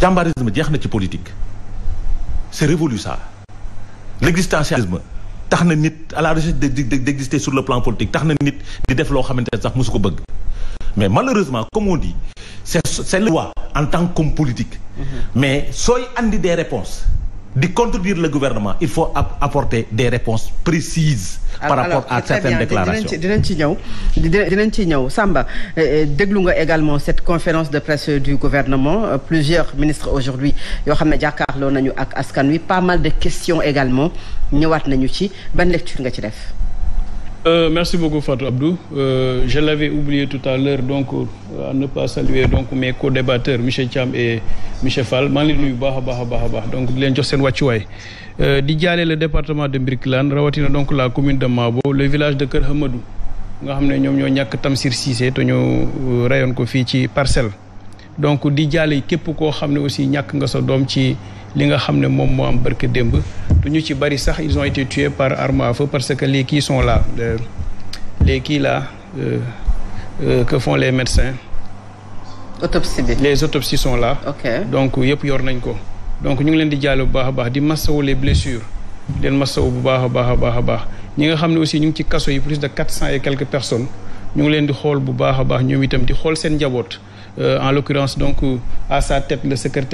jàmbaarisme jeex na ci politique c'est révolu ça l'existentialisme tax na nit à la recherche de d'exister sur le plan politique tax na nit di def loo xamante ne sax mosu ko bëgg mais malheureusement comme on dit c'est c'est le droit en tant qu'homme politique mm-hmm. mais sooy andi des réponses di contredire le gouvernement il faut apporter des réponses précises par rapport à certaines déclarations dinañ ci ñëw dinañ ci ñëw Samba eh, eh, déglu nga également cette conférence de presse du gouvernement euh, plusieurs ministres aujourd'hui yoo xam ne jàkkaarloo nañu ak askan wi pas mal de questions également ñëwaat nañu ci ban lecture nga ci def Euh, merci beaucoup Fatou Abdou euh, je l'avais oublié tout à l'heure donc euh, à ne pas saluer donc mes co-débatteurs monsieur Thiam et monsieur Fall maa ngi leen baax a baax a baax a baax donc leen jox seen wàccuwaay euh, di jaale le département de Birkelane rawatina donc la commune de Mabo le village de Kër Hamadou nga xam ne ñoom ñoo ñàkk Tamsir Cissé te ñu euh, rayon ko fii ci parcelle donc di jaale képp koo xam ne aussi ñàkk nga sa doom ci li nga xam ne moom moo am barke démb du ñu ci bari sax ils ont été tués par arme à feu parce que les qui sont là euh, les qui là euh, euh, que font les médecins. autopsie bi les autopsies sont la ok donc yëpp yor nañ ko. donc ñu ngi leen di jàll bu baax a baax di massawu les blessures. di leen massawu bu baax a baax a baax a baax ñi nga xam ne aussi ñu ngi ci kaso yi plus de quatre cent et quelques personnes ñu ngi leen di xool bu baax a baax ñoom itam di xool seen njaboot. euh, en l'occurrence donc à sa tête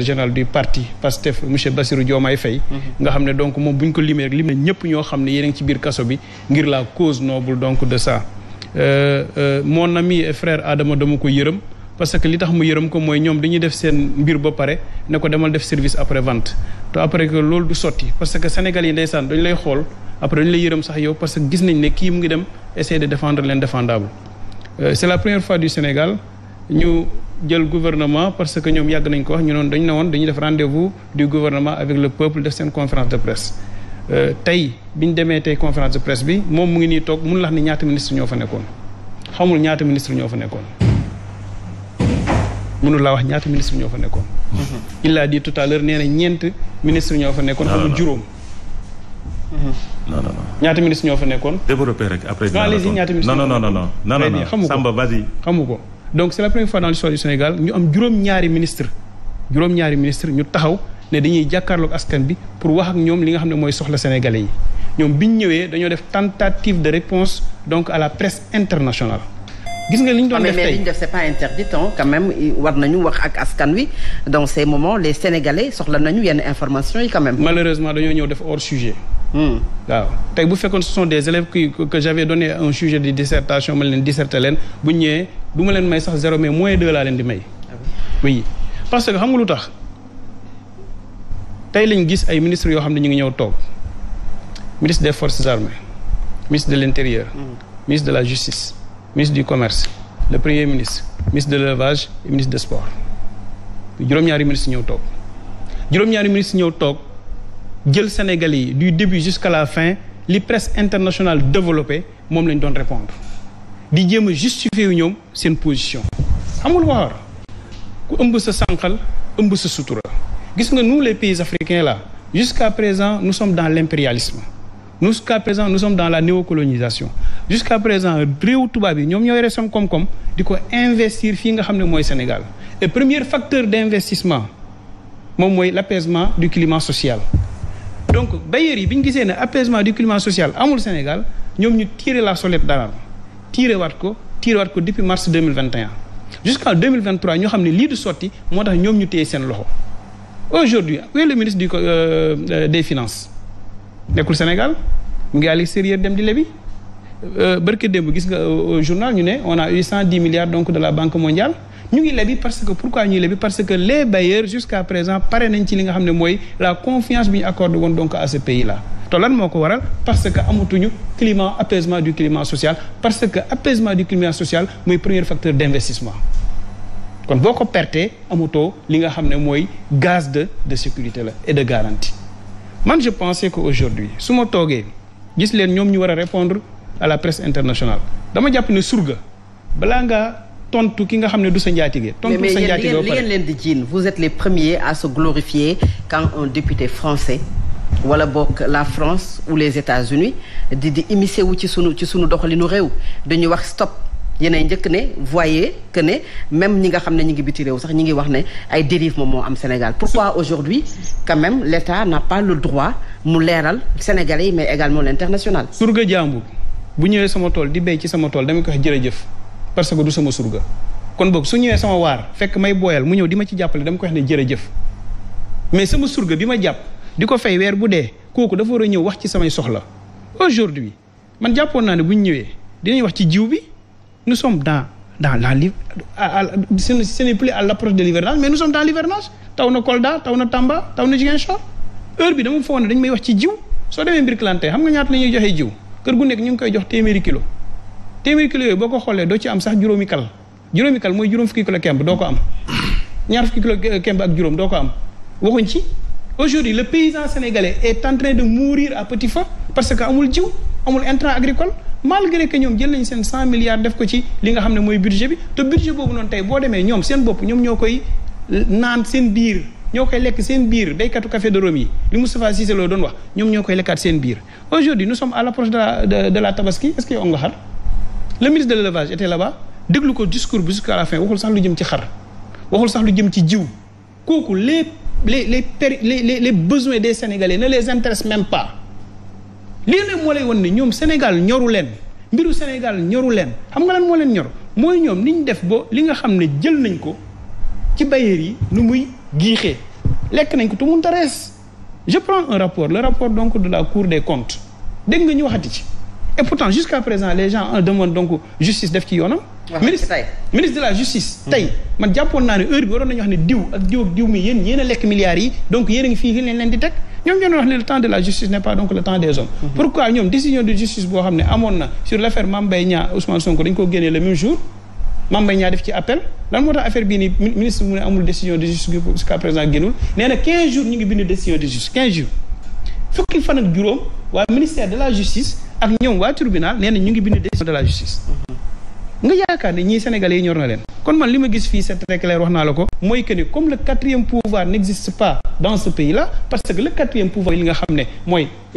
général du parti PASTEF monsieur Bassirou Diomaye Faye mhm. nga xam ne donc moom bu ko limee rek lim ne ñëpp ñoo xam ne yéen a ci biir kaso bi ngir la cause noble donc de ça euh, euh, mon ami et frère Adama dama ko yërëm parce que li tax mu yërëm ko mooy ñoom dañuy def seen mbir ba pare ne ko demal def service après vente te après que loolu du sotti parce que Sénégal yi ndeysaan dañu lay xool après dañu lay yërëm sax yow de défendre jël gouvernement parce que ñoom yàgg nañ ko wax ñu noonu dañu ne woon dañuy def rendez-vous du gouvernement avec le peuple def seen conférence de presse euh, tey bi ñu demee tey conférence de presse bi moom mu ngi nii toog mun lax ni ñaata ministre ñoo fa nekkoon xamul ñaata ministre ñoo fa nekkoon mënul laa wax ñaata ministre ñoo fa nekkoon mm-hmm. il a dit tout nee na ñeent ministre ñoo fa nekkoon xamul juróom mm-hmm. non non ñaata ministre ñoo fa nekkoon développé rek après non non non non non non non Samba vas-y xamu ko donc c'est la première fois dans l'histoire du Sénégal ñu am juróom-ñaari ministre juróom-ñaari ministre ñu taxaw ne dañuy jàkkaarloog askan bi pour wax ak ñoom li nga xam ne mooy soxla sénégalais yi ñoom bi ñu ñëwee dañoo def tentative de réponse donc à la presse internationale gis nga li ñu doon ah, def tey mais li ñu def war nañu wax ak askan wi dans ces moments les sénégalais soxla nañu yenn information yi quand même. malheureusement dañoo ñëw def hors sujet. Hmm. bu fekkoon ce des élèves donné un sujet de dissertation leen disserté leen bu ñëwee du ma leen may sax zéro mais moins deux laa leen di may. Ah oui parce que xam nga lu tax tey lañ gis ay ministres yoo xam ne ñu ngi ñëw toog ministre des forces armées ministre de l'intérieur. Hmm. ministre de la justice. ministre du commerce le premier ministre ministre de l'élevage et ministre des sports juróom-ñaari ministre ñëw toog juróom-ñaari ñëw toog jël Sénégalais yi du début jusqu'à la fin li presse internationale développée moom lañ doon répondre di jéem a justifier yu ñoom seen position amul waar ku ëmb sa sanqal ëmb sa sutura gis nga nous les pays africains là jusqu'à présent nous sommes dans l'impérialisme nous jusqu'à présent nous sommes dans la néocolonisation jusqu'à présent réew tubaab yi ñoom ñoo yore sam koom-koom di ko investir fii nga xam ne mooy Sénégal et première facteur d'investissement moom mooy l'apaisement du climat social donc bailleurs yi bi ñu gisee ne apaisement du climat social amul Sénégal ñoom ñu tirer la sonnette d'alarme tirer waat ko tirer waat ko depuis mars 2021 jusqu'en 2023 ñoo xam ne lii du sotti moo tax ñoom ñu téye seen loxo aujourd'hui où est le ministre du euh, euh, des finances nekkul Sénégal mu ngi à l'extérieur dem di lebi euh, barke démb gis nga euh, journal ñu ne on a eu cent dix milliards donc de la banque mondiale ñu ngi lebi parce que pourquoi ñuy lebi parce que les bailleurs jusqu'à présent pare nañ ci li nga xam ne mooy la confiance bi ñu accordé woon donc à ce pays lan moo ko waral parce que amatuñu climat apaisement du climat social parce que apaisement du climat social mooy premier facteur d'investissement kon boo ko pertee amutoo li nga xam ne mooy gaz de de sécurité la et de garantie man je pensais que aujourd'hui su ma toogee gis leen ñoom ñu war a répondre à la presse internationale dama jàpp ne surga balaa nga tontu ki nga xam ne du sa njaatige tontu sa njaatige mais mais yéen leen di jiin vous êtes les premiers à se glorifier quand un député français wala bokk la France ou les États-Unis di di immiscé wu ci sunu ci sunu doxalinu réew dañuy wax stop yéenay njëkk ne voyez que ne même ñi nga xam ne ñu ngi biti réew sax ñi ngi wax ne ay dérive moom moo am Sénégal pourquoi aujourd'hui quand même l'État n'a pas le droit mu leeral Sénégalais yi mais également l'international surga jàmbur bu ñëwee sama tool di béy ci sama tool dama ko wax jëf parce que du sama surga kon boog su ñëwee sama waar fekk may booyal mu ñëw di ma ci jàppale dama ko wax ne jërëjëf mais sama surga bi ma jàpp di ko fay weer bu dee kooku dafa war a ñëw wax ci samay soxla aujourd'hui man jàppoon naa ne bu ñu ñëwee dinañ wax ci jiw bi nous som dans dans la li ce n'est plus de l'hivernage mais nous sommes dans l'hivernage taw na Kolda taw na Tamba taw na Ziguinchor heure bi dama foog ne dañ may wax ci jiw soo demee Birkelante xam nga ñaata la ñuy joxe jiw kër gu nekk ñu ngi koy jox téeméeri kilo téeméeri kilo yooyu boo ko xoolee doo ci am sax juróomi kal juróomi kal mooy juróom fukki kilo kemb doo ko am ñaar fukki kilo kemb ak juróom doo ko am waxuñ ci aujourd'hui le paysan sénégalais est en train de mourir à petit feu parce que amul jiw amul intrant agricole malgré que ñoom jël nañ seen cent milliards def ko ci li nga xam ne mooy budget bi te budget boobu noonu tey boo demee ñoom seen bopp ñoom ñoo koy naan seen biir ñoo koy lekk seen biir béykatu café de Rome yi li Moustapha Cissé Lo doon wax ñoom ñoo koy lekkaat seen biir aujourd'hui nous sommes à l'approche de la de, de la tabaski est-ce que yow nga xar le ministre de l'élevage était là-bas déglu ko discours bi jusqu'à la fin waxul sax lu jëm ci xar waxul sax lu jëm ci jiw kooku les les les les les besoins des Sénégalais les intéressent même lii nag moo lay won ne ñoom Sénégal ñoru leen mbiru Sénégal ñoru leen xam nga lan moo leen ñor mooy ñoom ñu def ba li nga xam ne jël nañ ko ci bailleurs yi nu muy giixee lekk nañ ko te munta rees je prends un rapport le rapport donc de la cour des comptes dégg nga ñu waxati ci et pourtant jusqu'à présent les gens euh, en donc justice def ci yoonam ministre ministre de la justice mm-hmm. tey man jàppoon naa ne heure bi waroon nañu wax ne diw ak diw ak diw mi yéen yéen a lekk milliards yi donc yéen a ngi fii leen leen di teg ñoom ñoo doon wax ne le temps de la justice n'est pas donc le temps des hommes mhm. pourquoi ñoom décision de justice boo xam ne amoon na sur l'affaire Mame Mbaye Niang Ousmane dañ ko génnee le même jour Mame Mbaye def ci appel lan moo tax affaire bii nii ministre mu ne amul décision de justice jusqu'à présent génnul nee na jours ñu ngi bind décision de justice 15 jours fukki fan ak juróom waa ministère de la justice ak ñoom waa tribunal nee na ñu ngi bind décision de la justice mhm. yi ñor na leen kon man li ma gis fii c'est très wax naa la ko mooy que ni comme le quatrième pouvoir n'existe pas dans ce pays là parce que le quatrième pouvoir li nga xam ne mooy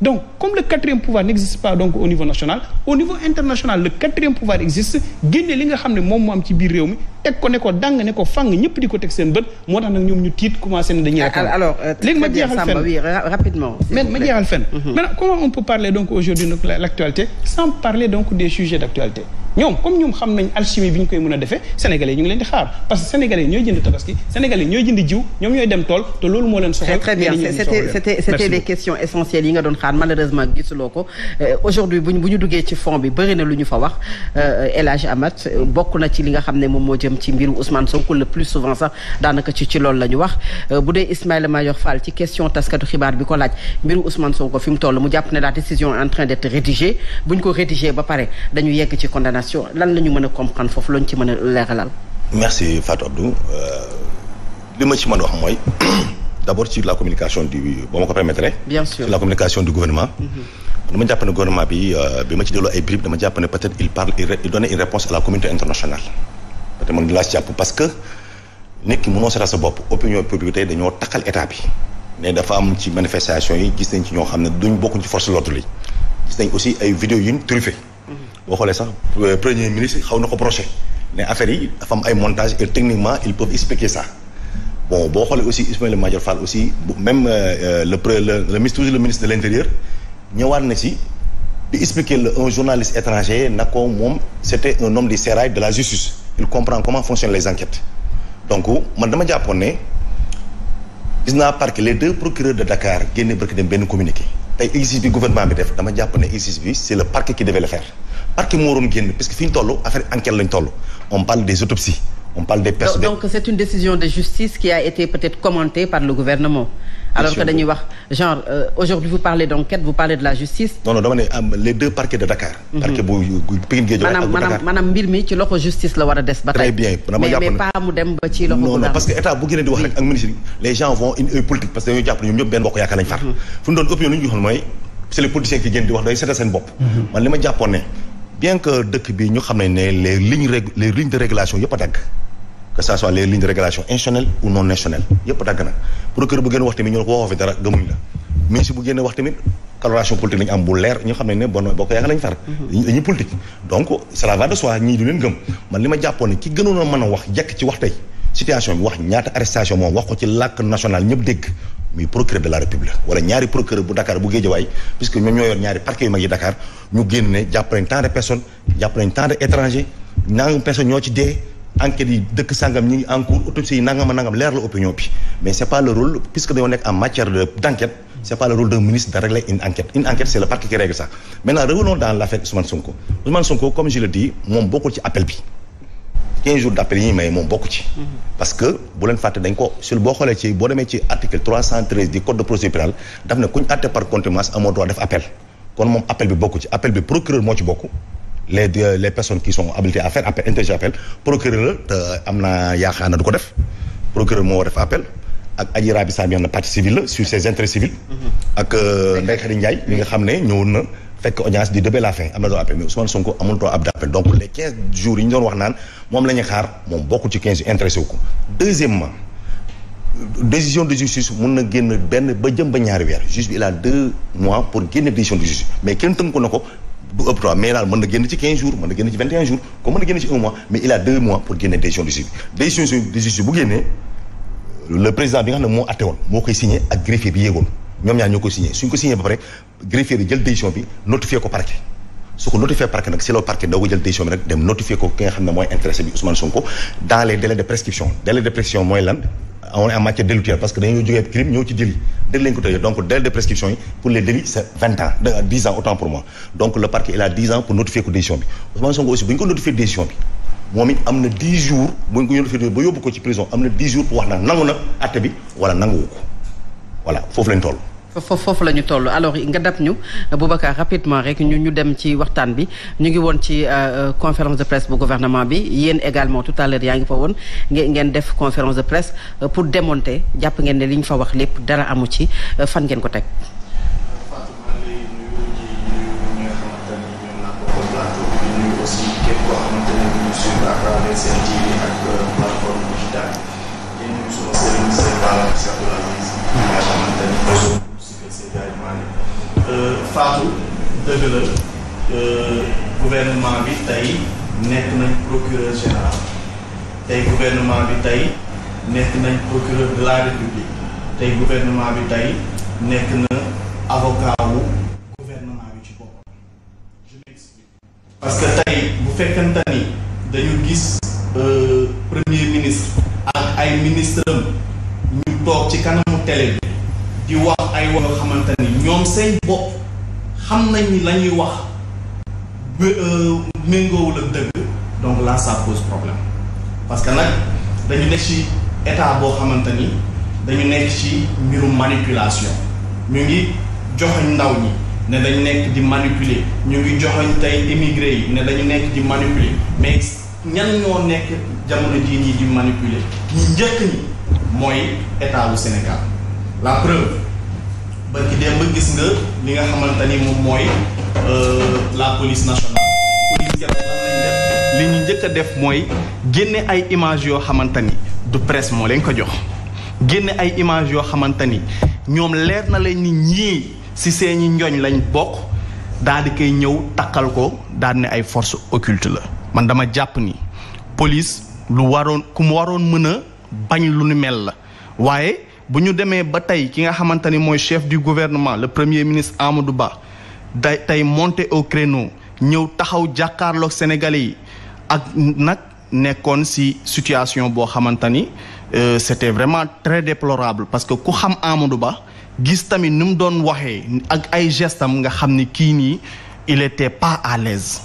donc comme le quatrième pouvoir n'existe pas donc au niveau national au niveau international le quatrième pouvoir existe génne li nga xam ne moom moo am ci biir réew mi teg ko ne ko dàng ne ko fang ñëpp di ko teg seen bët moo tax nag ñoom ñu tiit commencé ne dañuy. Ah, alors euh, léegi ma jeexal fenn mhm. ma jeexal comment on peut parler donc aujourd'hui de actualité sans parler donc des sujets d' actualité ñoom comme ñoom xam nañ alchimie bi ñu koy mën a defee sénégalais ñu leen di xaar parce que sénégalais ñooy jënd tabaski sénégalais ñooy jënd jiw ñoom ñooy dem tool te loolu moo leen soxal. très bien c'était yi nga doon xaar malheureusement jëm ci mbirum Ousmane Sonko le plus souvent sax daanaka ci ci loolu la ñu wax euh, bu dee Ismaïla Madior Fall ci question taskatu xibaar bi ko laaj mbirum Ousmane Sonko fi mu toll mu jàpp ne la décision est en train d'être rédigée bu ko rédigé ba pare dañu yegg ci condamnation lan la ñu mën a comprendre foofu lañ ci mën a leeralal. merci Fatou Abdou euh, li ma ci mën wax mooy d'abord sur la communication du boo ma ko permettre. bien mhm. gouvernement. bi euh, bi ma ci delloo ay bribes dama jàpp ne peut-être te man laa parce que nekk ki mënoo seetal sa bopp opinion publique tey dañoo takkal état bi ne dafa am ci manifestation yi gis nañ ci ñoo xam ne duñ bokkuñ ci force de l'ordre yi gis nañ ay vidéo yu ñu truffé mhm. boo xoolee sax euh, premier ministre xaw na ko projet ne affaire yi dafa am ay montage et techniquement ils peuvent expliquer ça bon boo xoolee aussi Ismaïla Madior Fall aussi même euh, euh, le pre le ministre toujours le ministre de l'intérieur ñëwaat na si di expliquer le un journaliste na ko moom c'était un homme du sérail la justice il comprend comment fonctionnent les enquêtes donc man dama jàppoon ne gis naa parquet les deux procureurs de Dakar génne barki dem benn communiqué tey exercice bi gouvernement bi def dama jàpp ne exercice bi c' le parquet qui devait le moo waroon génn parce que fi ñu affaire enquête lañ toll on parle des autopsies on parle des personnes donc c' une décision de justice qui a été peut-être commentée par le gouvernement alors que dañuy wax genre euh, aujourd'hui vous parlez d'enquête vous parlez de la justice. non dama ne am les deux parquets de Dakar. Mhm. parquet bu Pikine Guédiawaye ak bu mbir mi ci loxo justice la war a des. ba tey bien mais mais pas dem ba ci loxo. non non parce que état bu gën di wax rek ak ministre les gens vont une politique parce que dañoo jàpp ne ñoom ñëpp benn bokk ñu mhm. doon opinion lu ñu les politiciens qui génn di wax day seetal seen bopp. Mhm. man li ma jàppoon ne bien que soit les lignes de régulation institutionnelles ou non institutionnelles yëpp dagg na procureur bu génn wax tamit ñu ne ko waxoo fi dara gëmuñ la mais bu génn wax tamit coloration politique lañu am bu leer ñu xam ne ne bon boo ko yaakaar lañ far mhm. dañuy politique donc cela va de soi ñii du gëm man li ma jàppoon ne ki gënoon mën a wax jekk ci wax tey situation bi wax ñaata arrestation moom wax ko ci làkk national ñëpp dégg muy procureur de la république enquêtes yi dëkk sangam ñi ngi en cours autopsie yi nangam a nangam leer la opinion bi mais c' pas le rôle puisque dañoo nekk en matière de d' enquête pas le rôle d'un ministre de régler une enquête une enquête c' est le parquet qui règle ça maintenant revenons dans l' affaire Ousmane Sonko Ousmane Sonko comme je le dis moom bokkul ci appel bi 15 jours d' yi ñu may moom bokku ci parce que bu fàtte dañ ko sur boo xoolee ci boo demee ci article les les personnes qui sont habilitées à faire appel interjeter appel procureur la euh, te am naa yaakaar du ko def procureur moo def appel ak Adji Raby Sarr bi am na partie civile la sur ses intérêts civils. Mm-hmm. ak euh, Ndeye Khady Ndiaye mi nga xam ne ñëwoon na. fekk audience di debe la fin am na doon appel mais Ousmane Sonko amul doon ab d'appel donc les jours yi ñu doon wax naan moom la ñu xaar moom bokkul ci quinze jours intéressé wu ko deuxièmement décision de justice mun na génn benn ba jëm ba ñaari weer juge bi il a deux pour génne décision de mais kenn tënk na ko bu ëpp trois mais daal mën na génn ci 15 jours mën na génn ci 21 jours comme mën na génn ci un mois mais il a deux mois pour génne décision de justice bu génnee le président bi nga xam ne moo àtte woon moo koy signé ak greffier bi yéegoon ñoom ñaar ñoo koy signé suñ ko signé ba pare greffier bi jël décision bi notifié ko parquet su ko notifié parquet nag si la parquet doo ko jël décision bi nag dem notifié ko ki nga xam ne mooy on est en matière délictuelle parce que dañoo jógee crime ñëw ci délit dégg lañ ko tëjee donc délai de prescription yi pour les délits c'est vingt ans dix ans autant pour moi donc le parquet il a dix ans pour notifier ko décision bi Ousmane Sonko aussi bu ñu ko notifier décision bi moom it am na dix jours bu ñu ko notifier ba yóbbu ko ci prison am na dix jours pour wax na nangu na àtte bi wala nanguwu ko voilà foofu lañ toll foofu foofu la ñu toll alors nga dab ñu bu Boubacar rapidement rek ñu ñu dem ci waxtaan bi ñu ngi woon ci conférence de presse bu gouvernement bi yéen également tout à yaa ngi fa woon nge ngeen def conférence de presse pour démonter jàpp ngeen ne li ñu fa wax lépp dara amu ci fan ngeen ko teg. dëgg la euh, gouvernement bi tey nekk nañ procureur général tey gouvernement bi tey nekk nañ procureur de la république tey gouvernement bi tey nekk na avocat wu gouvernement bi ci boppam parce que tey bu fekkante dañu gis euh, premier ministre ak ay ministre am ñu toog ci kanamu télé bi di wax ay wax xamante ni ñoom seen bopp xam nañ lañuy wax euh, méngoowul ak dëgg donc là ça pose problème parce que nag dañu nekk ci état boo xamante ni dañu nekk ci mbirum manipulation ñu ngi joxoñ ndaw ñi ne dañu nekk di manipuler ñu ngi joxoñ tey immigré yi ne dañu nekk di manipuler mais ñan ñoo nekk jamono jii ñii di manipuler ñi njëkk ñi mooy état bu Sénégal la preuve ba ki dem ba gis nga li nga xamante ni moom mooy euh, la police nationale. police li ñu njëkk a def mooy génne ay images yoo xamante ni du presse moo leen ko jox génne ay images yoo xamante ni ñoom leer na leen nit ñii si seeni njoñ lañ bokk daal di koy ñëw takkal ko daal ne ay force occulte la. man dama jàpp ni police lu waroon ku mu waroon mën a bañ lu nu mel la waaye. bu ñu demee ba tey ki nga xamante ni mooy chef du gouvernement le premier ministre Amadou Ba day tey monté au créneau ñëw taxaw jàkkaarlook Sénégalais yi ak nag nekkoon ci situation boo xamante ni euh, c'était vraiment très déplorable parce que ku xam Amadou Ba gis tamit ni mu doon waxee ak ay gestam nga xam ni kii nii il te pas à l'aise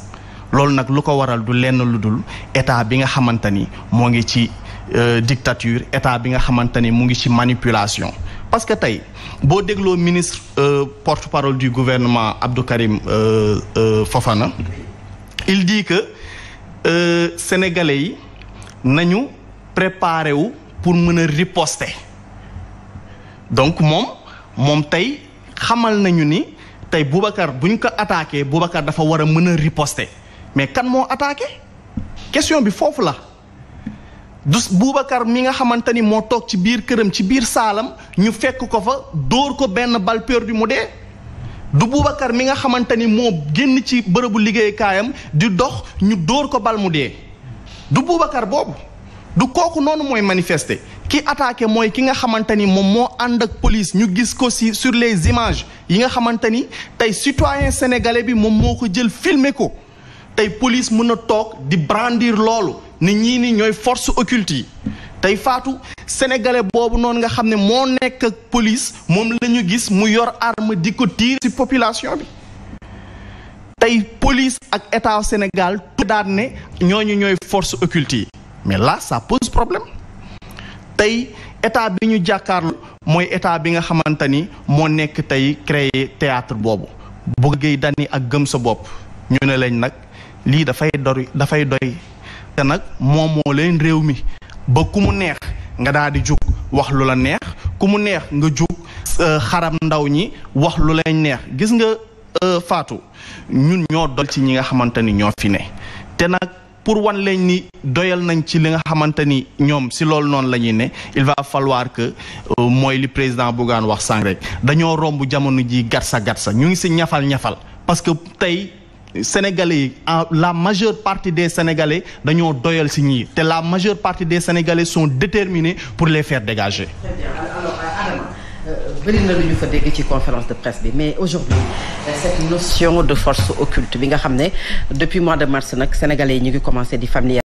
loolu nag lu ko waral du lenn lu dul état bi nga xamante ni moo ngi ci Euh, dictature état bi nga xamante ni mu ngi ci manipulation parce que tey boo dégloo ministre euh, porte-parole du gouvernement Abdou Karim euh, Fofana il di que sénégalais yi nañu préparé wu pour mën a riposter donc moom moom tey xamal nañu ni tey Boubacar bu ñu ko attaqué Boubacar dafa war a mën a riposter mais kan moo attaqué question bi foofu la du Boubacar mi nga xamante ni moo toog ci biir këram ci biir saalam ñu fekk ko fa dóor ko benn balle perdue mu dee du Boubacar mi nga xamante ni moo génn ci bërëbu liggéeykaayam di dox ñu dóor ko bal mu dee du Boubacar boobu du kooku noonu mooy manifester ki attaqué mooy ki nga xamante ni moom moo ànd ak police ñu gis ko si sur les images yi nga xamante ni tey citoyen sénégalais bi moom moo ko jël filmer ko tey police mën a toog di brandir loolu nit ñii ni ñooy force occulte tey faatu sénégalais boobu noonu nga xam ne moo nekk ak police moom la gis mu yor arme di ko tiir ci population bi tey police ak état Sénégal tout daan ne ñooñu ñooy force occulte yi mais la ça pose problème tey état bi ñu jàkkaarlu mooy état bi nga xamante ni moo nekk tey créer théâtre boobu Bougane Gueye Dany ak gëm sa bopp ñu ne lañ nag lii dafay doy dafay doy te nag moom moo leen réew mi ba ku mu neex nga daal di jug wax lu la neex ku mu neex nga jug euh, xaram ndaw ñi wax lu lañ neex gis nga euh, faatu ñun ñoo dol ci ñi nga xamante ni ñoo fi ne te nag pour wan leen ni doyal nañ ci li nga xamante ni ñoom si loolu noonu la ñuy ne il va falloir que euh, mooy li président Bougane wax sànq dañoo romb jamono ji gatsa gatsa ñu ngi si ñafal ñafal parce tey sénégalais yi la majeure partie des sénégalais dañoo doyal si ñii te la majeure partie des sénégalais sont déterminés pour les faire dégager. Euh, euh, bëri na lu ñu fa dégg ci conférence de presse bi mais aujourd'hui euh, cette notion de force occulte bi nga xam ne depuis mois de mars nag sénégalais yi ñu ngi commencé di familier